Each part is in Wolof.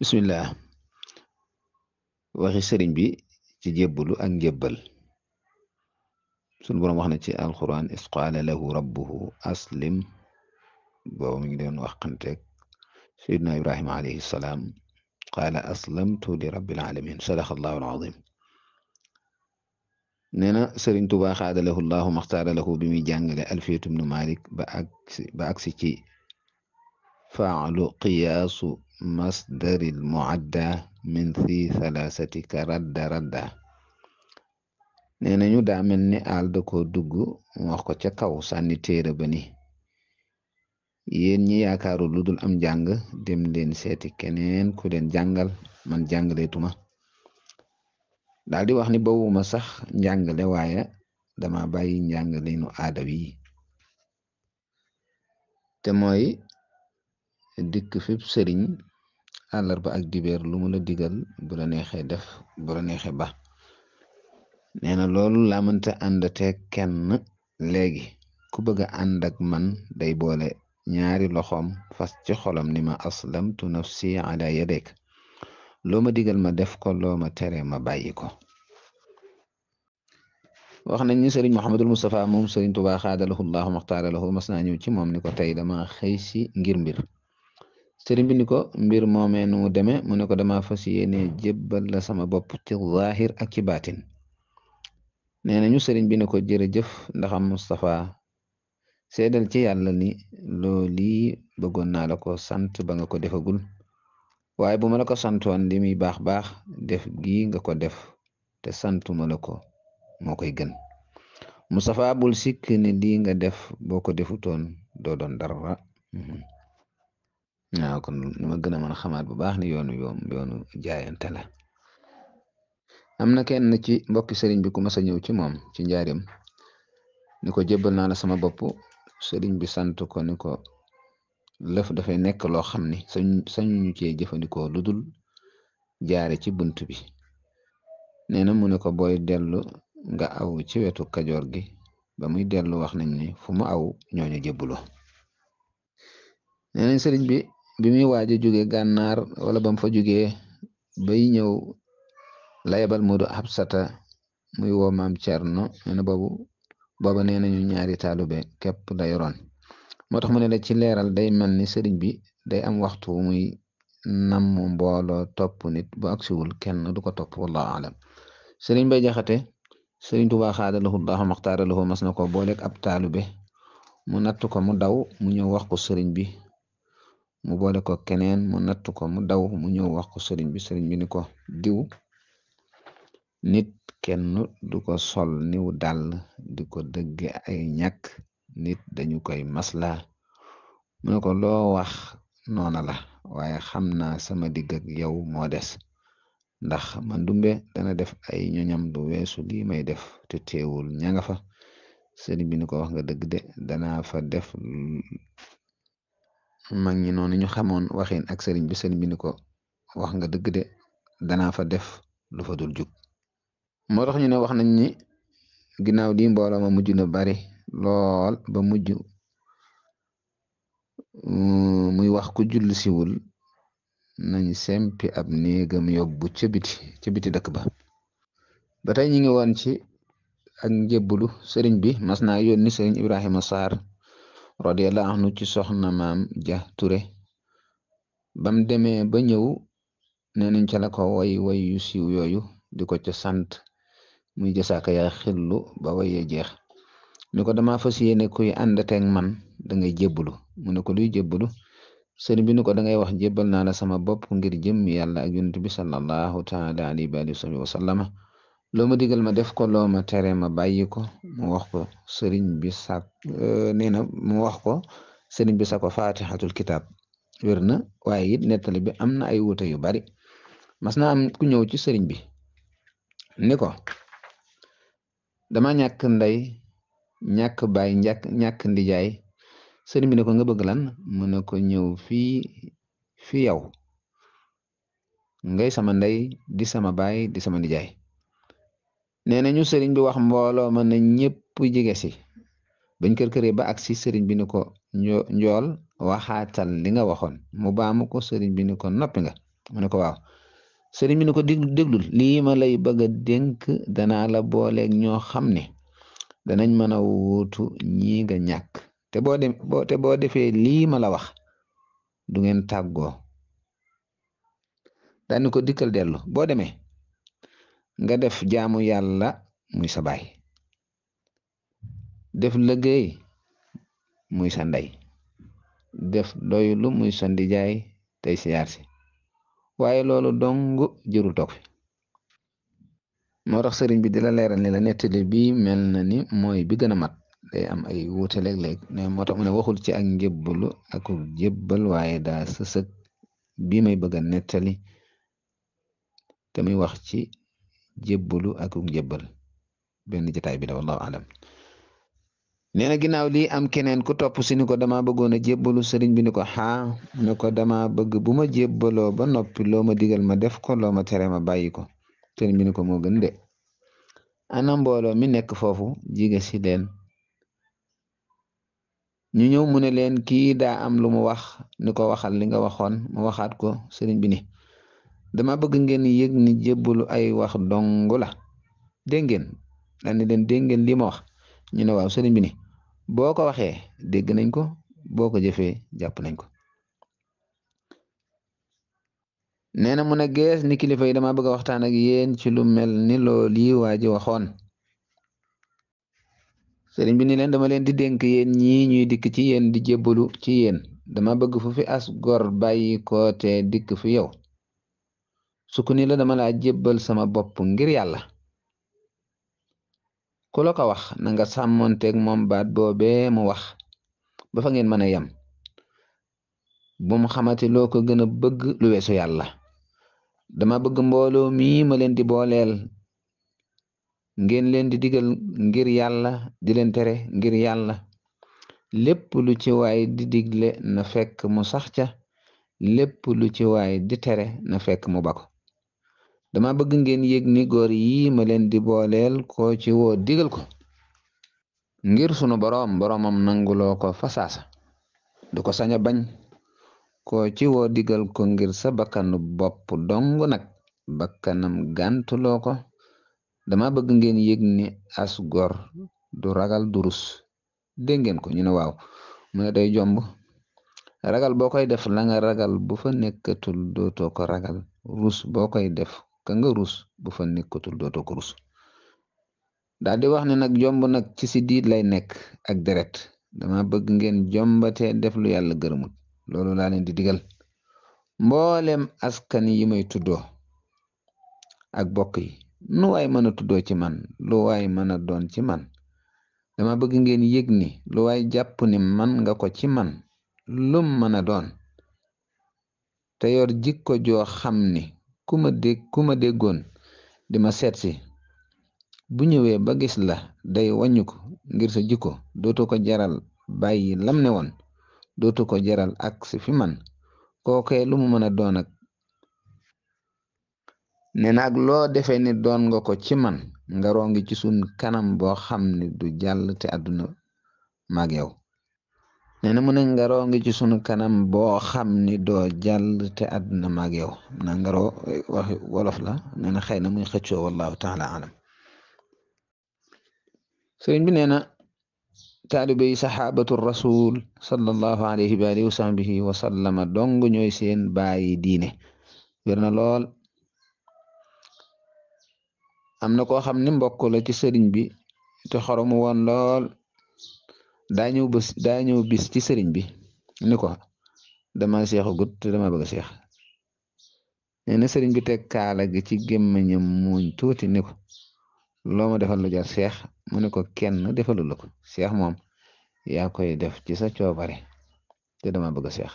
بسم الله واخي سرين بي تي جيبلو اك جيبل سون بروم واخنا تي القران اسقال له ربه اسلم بو مي دون واخ قنتك سيدنا ابراهيم عليه السلام قال اسلمت لرب العالمين صدق الله العظيم نينا سرين توبا خاد له الله مختار له بمي جانغال الفيت بن مالك باك باك سي فعل قياس مصدر المعدة من في ثلاثة ka ردة nee nañu daa mel ni àll da ko dugg wax ko ca kaw sànni téere ba ni yéen ñi yaakaaru lu dul am jàng dem leen seeti keneen ku den jàngal man jàngaleetuma daal di wax ni bawuma sax njàngale waaye dama bàyyi njàngale nu aada te mooy dikk fépp sëriñ àllarba ak diber lu mu la digal bu la def bu la ba nee na loolu laa mënta àndate kenn léegi ku bëgg a ànd man day boole ñaari loxoom fas ci xolam ni ma aslamtu nafsi ala yadek loo ma digal ma def ko loo ma tere ma bàyyi ko wax nañ ni sëriñ Mouhamadul Moustapha moom sëriñ Tuubaa xaadalahu llaahu maxtaara lahu mas naa ñëw ci moom ni ko tey dama xëy si ngir mbir serimbini ko mbir moome nu mu deme mu ne ko dama fas yéene jébbala sama bopp ci zahir ak ci baatin nee nañu sëriñ bi ne ko jërëjëf ndaxa mustapha seedal ci yàlla ni loo lii bëggoon naa la ko sant ba nga ko defagul waaye bu ma la ko santoon li muy baax baax def gii nga ko def te santuma la ko moo koy gën mustapha bul sikk ni lii nga def boo ko defutoon doo doon dara mm -hmm. waaw kon nu ma gën mën a xamaat bu baax ni yoonu yoom yoonu jaayante la am na kenn ci mbokki sëriñ bi ku mas a ñëw ci moom ci njaarim ni ko jébbal naa la sama bopp sëriñ bi santu ko ni ko lëf dafay nekk loo xam ni sañ sañu ci cee jëfandikoo lu dul jaare ci bunt bi nee na mu ne ko booy dellu nga aw ci wetu kajoor gi ba muy dellu wax nañ ni fu mu aw ñooñu jébbuloo nee nañ sëriñ bi bi muy waaj a gànnaar wala bam fa jógee bay ñëw la yebal Moodu Absata muy woo maam Cerno nee na boobu booba nee nañu ñaari taalube képp la yoroon moo tax mu ne la ci leeral day mel ni sëriñ bi day am waxtu muy nam mbooloo topp nit bu agsiwul kenn du ko topp wallahu alam sëriñ bay jaxate sëriñ Tuubaa xaada lahu llaahu maxtaara lahu mas na ko booleeg ab taalube mu natt ko mu daw mu ñëw wax ko sëriñ bi mu boole ko keneen mu nattu ko mu daw mu ñëw wax ko sëriñ bi sëriñ bi ni ko diw nit kenn du ko sol niw dàll di ko dëgge ay ñàkk nit dañu koy masla mu ne ko loo wax noona la waaye xam naa sama digg ak yow moo des ndax ma ndumbe dana def ay ñoñam du weesu lii may def te teewul ña nga fa sëriñ bi ni ko wax nga dëgg de danaa fa def mag ñi noonu ñu xamoon waxin ak sëriñ bi sëriñ bi ni ko wax nga dëgg de danaa fa def lu fa dul jug moo tax ñu ne wax nañ ni ginnaaw di mbooloo ma mujj na bari lool ba mujj mm, muy wax ku julli siwul nañ sempi ab néegam yóbbu ca biti ca biti dëkk ba ba ñu ngi woon ci ak njébbalu sëriñ bi mas naa yónni sëriñ Ibrahima Sarr radiala anu ci soxna maam ja ture bam demee ba ñëw neenañ ca la ko way way yu siiw yooyu di ko ca sant muy jësaaka yaa xillu ba waye jeex ni ko dama fas yéene kuy àndateeg man dangay jébbalu mu ne ko luy jébbalu sëri bi ni ko dangay wax jébbal naa la sama bopp ngir jëm yàlla ak yunt bi salallahu taala alayhi wa alihi wa sallama loo ma digal ma def ko loo ma tere ma bàyyi ko mu wax ko sëriñ bi sàkk euh, nee na mu wax ko sëriñ bi sàkko faatixatul kitaab wér na waaye it nettali bi am na ay wuute yu bari mas na am ku ñëw ci sëriñ bi ni ko dama ñàkk ndey ñàkk baay ñàkk ñàkk ndijaay sëriñ bi ne ko nga bëgg lan mu ne ko ñëw fii fii yow ngay sama ndey di sama baay di sama ndijaay nee na ñu sëriñ bi wax mbooloo ma na ñëpp jige si bañ kër-këre ba ak si sëriñ bi ni ko njool waxaatal li nga waxoon mu baamu ko sëriñ bi ni ko noppi nga mu ne ko waaw sëriñ bi ni ko déglul lii ma lay bëgg a dénk danaa la booleeg ñoo xam ne danañ mën a wuutu ñii nga ñàkk te boo de boo te boo defee lii ma la wax du ngeen tàggoo daal ni ko dikkal dellu boo demee nga def jaamu yàlla muy sa baay def liggéey muy sa ndey def doylu muy sa ndijaay tey siyaar si waaye loolu dong jërul toog fi moo tax sëriñ bi di leeral ni la nettali bi mel na ni mooy bi gën a mat day am ay wuute léeg-léeg ne moo tax waxul ci ak njébbalu ak jébbal waaye daa sësëg bii may bëgga nettali te muy wax ci Jebulu ak njébbal benn jotaay bi la wallahu alam neena ginaaw li am keneen ku top si ni ko dama bëggoon a sëriñ bi ni ko ha ni ko dama bëgg buma ma ba nopi loo digal ma def ko loo ma tere ma bayiko ko sëriñ ni ko mo gën ana mbolo mi nek fofu jige si den ñu ñew mu ne len ki da am lu mu wax ni ko waxal li nga waxon mu waxat ko sëriñ bi ni dama bëgg ngeen yëg ni jébbalu ay wax dong la dégg ngeen daan ni leen dégg ngeen lii ma wax ñu ne waaw sëriñ bi ni boo ko waxee dégg nañ ko boo ko jëfee jàpp nañ ko nee na mu ne gees ni kilifa yi dama bëgg a waxtaan ak yéen ci lu mel ni loo lii waa ji waxoon sëriñ bi ni leen dama leen di dénk yéen ñii ñuy dikk ci yéen di jébbalu ci yéen dama bëgg fu fi as gor bàyyi ko te fi yow su ko la dama laa jébbal sama bopp ngir yàlla ku la ko wax na nga sàmmonteeg moom baat boobee mu wax ba fa ngeen mën a yem bu mu xamati loo ko gën a bëgg lu weesu yàlla dama bëgg mbooloo mii ma leen di booleel ngeen leen di digal ngir yàlla di leen tere ngir yàlla lépp lu ci di digle na fekk mu sax ca lépp lu ci waay di tere na fekk mu bako dama bëgg ngeen yëg ni góor yi ma leen di booleel koo ci woo digal ko ngir sunu boroom boroomam nanguloo ko fasaasa du ko sañ a bañ koo ci digal ko ngir sa bakkanu bopp dong nag bakkanam gàntuloo ko dama bëgg ngeen yëg ni as gor du ragal du dégg ngeen ko ñu ne waaw mu ne day jomb ragal boo koy def la ragal bu fa nekkatul dootoo ko ragal ruus boo koy def ka nga rus bu fa nekkatul dootoo ko rus daal di wax ne nag jomb nag ci si diit lay nekk ak deret dama bëgg ngeen jombatee def lu yàlla gërëmut loolu laa leen di digal mboolem askan yi may tuddoo ak bokk yi nu waay mën a tuddoo ci man lu waay mën a doon ci man dama bëgg ngeen yëg ni lu waay jàpp ni man nga ko ci man lum mën a doon te yor jikko joo xam ni ku ma dégg ku ma déggoon di ma seetsi bu ñëwee ba gis la day wàññiku ngir sa jikko dootu ko jaral bàyyi lam ne woon dootu ko jaral ak si fi man kookee lu mu mën a doon ne nag loo defee ni doon nga ko ci man nga rongi ci sun kanam boo xam ne du jàll te àdduna maag yow nee na mu ne ngaroo ci sunu kanam boo xam ni doo jàll te àdduna maag yow na eh, wolof la nee na xëy na muy xëccoo wallahu taala alam sëriñ bi nee na taalibe yi saxaabatu rasul sallallahu alayhi wa alihi wa sahbihi ñooy seen bàyyi diine wér na lool am na koo xam ni mbokk la ci sëriñ bi te xoromu woon lool daa ñëw bés daa ñëw bis ci sëriñ bi ni ko dama seexu gut te dama bëgg a seex nee na sëriñ bi teg kaala gi ci gémmiñam muuñ tuuti ni ko loo ma defal lu jar seex mu ne ko kenn defalul la seex moom yaa koy def ci sa coobare te dama bëgg a seex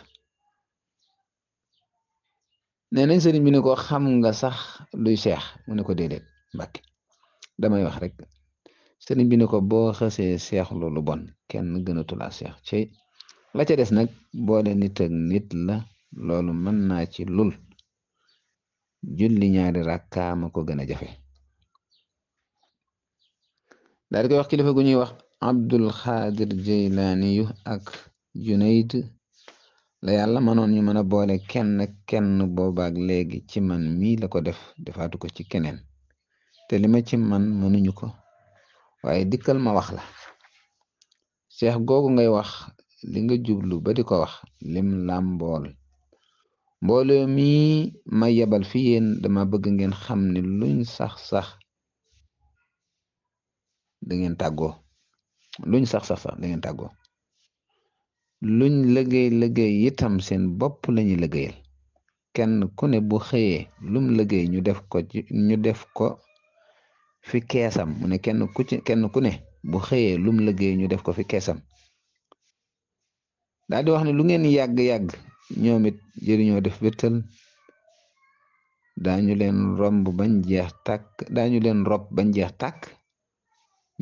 nee nañ sëriñ bi ne ko xam nga sax luy seex mu ne ko déedéet mbàkk damay wax rek sëriñ bi ne ko boo xasee seexlu lu bon kenn gënatu laa seex ci la ca des nag boole nit ak nit la loolu mën naa ci lul julli ñaari rakkaama ko gën a jafe daal koy wax kilifa gu ñuy wax Abdul Xaadir Jeylaani yu ak Junayd la yàlla mënoon ñu mën a boole kenn kenn boobaak léegi ci man mii la ko def defaatu ko ci keneen te li ci man mënuñu ko waaye dikkal ma wax la seex googu ngay wax li nga jublu ba di ko wax lim làmbool mbooloo mi ma yebal fi yéen dama bëgg ngeen xam ne luñ sax-sax da ngeen tàggoo luñ sax-sax sax da ngeen tàggoo luñ liggéey liggéey itam seen bopp lañuy liggéeyal kenn ku bu xëyee lum liggéey ñu def ko ñu def ko fi keesam mu ne kenn ku kenn ku ne bu xëyee lum liggéey ñu def ko fi keesam daal di wax ne lu ngeen yàgg-yàgg ñoom it jëriñoo def wéttal daañu leen romb bañ jeex tàkk daañu leen rob bañ jeex tàkk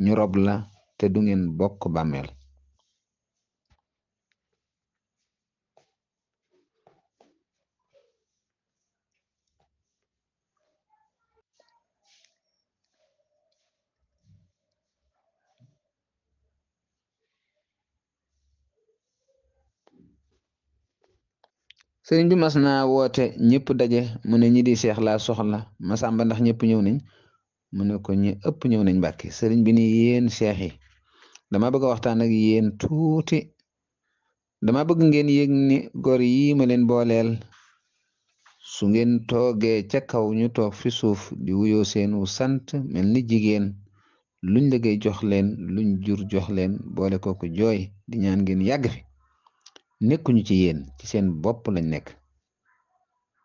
ñu rob la te du ngeen bokk bàmmeel sëriñ bi mas naa woote ñëpp daje mu ne ñi di seex laa soxla masamba ndax ñëpp ñëw nañ mu ne ko ñi ëpp ñëw nañ mbàkke sëriñ bi ni yéen seex yi dama bëgg a waxtaan ak yéen tuuti dama bëgg ngeen yëg ni gor yi ma leen booleel su ngeen toogee ca kaw ñu toog fi suuf di wuyoo seenu sant mel ni jigéen luñ liggéey jox leen luñ jur jox leen boole kooku jooy di ñaan ngeen yàgg nekkuñu ci yéen ci seen bopp lañ nekk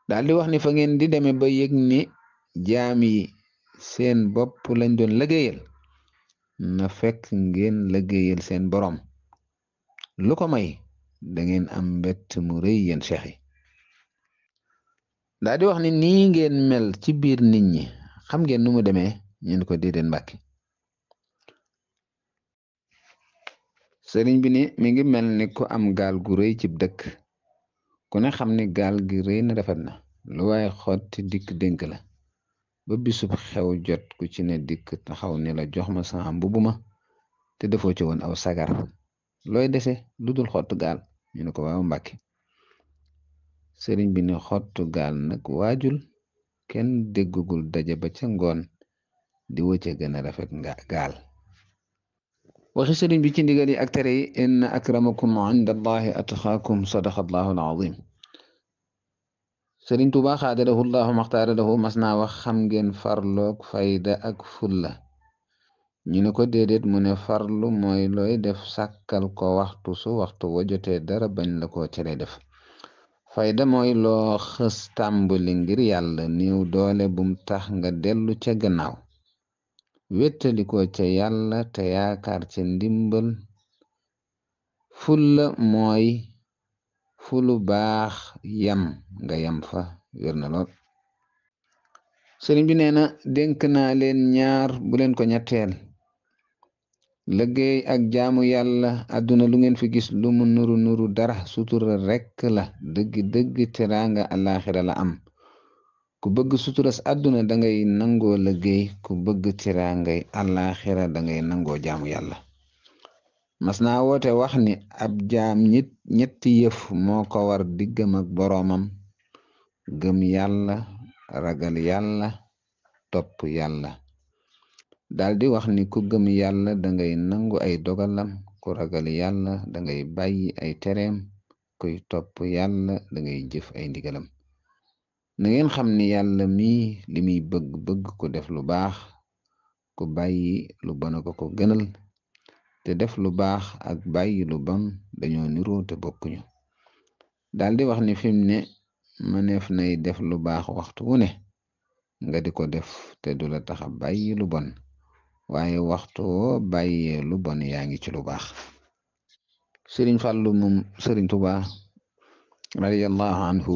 daal di wax ni fa ngeen di demee ba yëg ni jaam yi seen bopp lañ doon liggéeyal na fekk ngeen liggéeyal seen borom lu ko may da ngeen am mbett mu rëy yéen cheikh yi daal di wax ni nii ngeen mel ci biir nit ñi xam ngeen nu mu demee ñeen ko déedéen mbàkki sëriñ bi ne mi ngi mel ni ku am gaal gu rëy ci dëkk ku ne xam ne gaal gi rëy na rafet na lu waaye xotti dikk dénk la ba bisub xew jot ku ci ne dikk taxaw ni la jox ma sa mbubb ma te defoo ci woon aw sagar looy dese lu dul xottu gaal ñu ne ko waaw mbàkki sëriñ bi ne xottu gaal nag waajul kenn déggugul daje ba ca ngoon di wëcce gën a rafet nga gaal waxi sëriñ bi ci ndigal yi ak tere yi inna akramakum inda allahi atqaakum sadaqa allahu alazim sëriñ Tuubaa mas naa wax xam ngeen farloog fayda ak fulla ñu ne ko déedéet mu ne farlu mooy looy def sàkkal ko waxtu su waxtu wa jotee dara bañ la ko cere def fayda mooy loo xës tàmbali ngir yàlla néew doole bum tax nga dellu ca gannaaw ko ca yalla te yaakaar ca ndimbal fulla mooy fulu baax yam nga yam fa wér na lool sëriñ bi nee na dénk naa leen ñaar bu leen ko ñetteel liggéey ak jaamu yàlla àdduna lu ngeen fi gis lu mu nuru nuru dara sutura rekk la dëgg dëgg teraanga àllaaxira la am ku bëgg suturas aduna da ngay nangoo liggéey ku bëgg ngay àllaaxira da ngay nangoo jaamu yàlla mas naa woote wax ni ab jaam nit ñetti yëf moo ko war ak boroomam gëm yàlla ragal yàlla topp yàlla daldi wax ni ku gëm yàlla ngay nangu ay dogalam ku ragal yàlla ngay bàyyi ay tereem kuy topp yàlla ngay jëf ay ndigalam na ngeen xam ni yàlla mii li muy bëgg-bëgg ku def lu baax ko bàyyi lu bon ko ko gënal te def lu baax ak bàyyi lu bon dañoo niroo te bokkuñu daal di wax ni fi ne mëneef nay def lu baax waxtu wune ne nga di ko def te du la taxa bàyyi lu bon waaye waxtu woo bàyyee lu bon yaa ngi ci lu baax Sëriñ Fàllu moom Sëriñ Tuubaa radiyallahu anhu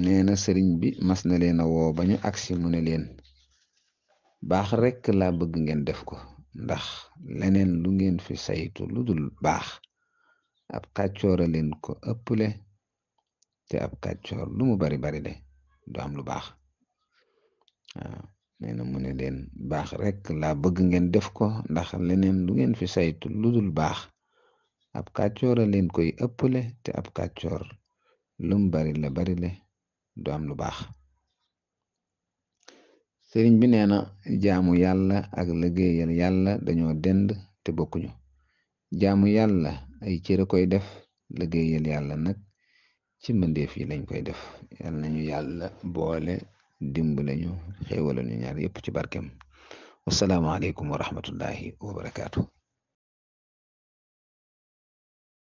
nee na sëriñ bi mas na leen a woo ba ñu agsi mu ne leen baax rekk laa bëgg ngeen def ko ndax leneen lu ngeen fi saytu lu dul baax ab a leen ko ëpple te ab kàccoor lu mu bari bari de du am lu baax waaw nee na mu ne leen baax rekk laa bëgg ngeen def ko ndax leneen lu ngeen fi saytu lu dul baax ab a leen koy ëpple te ab kàccoor lu bari la bari le du am lu baax sëriñ bi nee na jaamu yàlla ak liggéeyal yàlla dañoo dend te bokkuñu jaamu yàlla ay cëre koy def liggéeyal yàlla nag ci mbindeef yi lañ koy def yal nañu yàlla boole dimbale ñu xéewala ñu ñaar yëpp ci barkeem wasalaamaaleykum wa rahmatullahi wa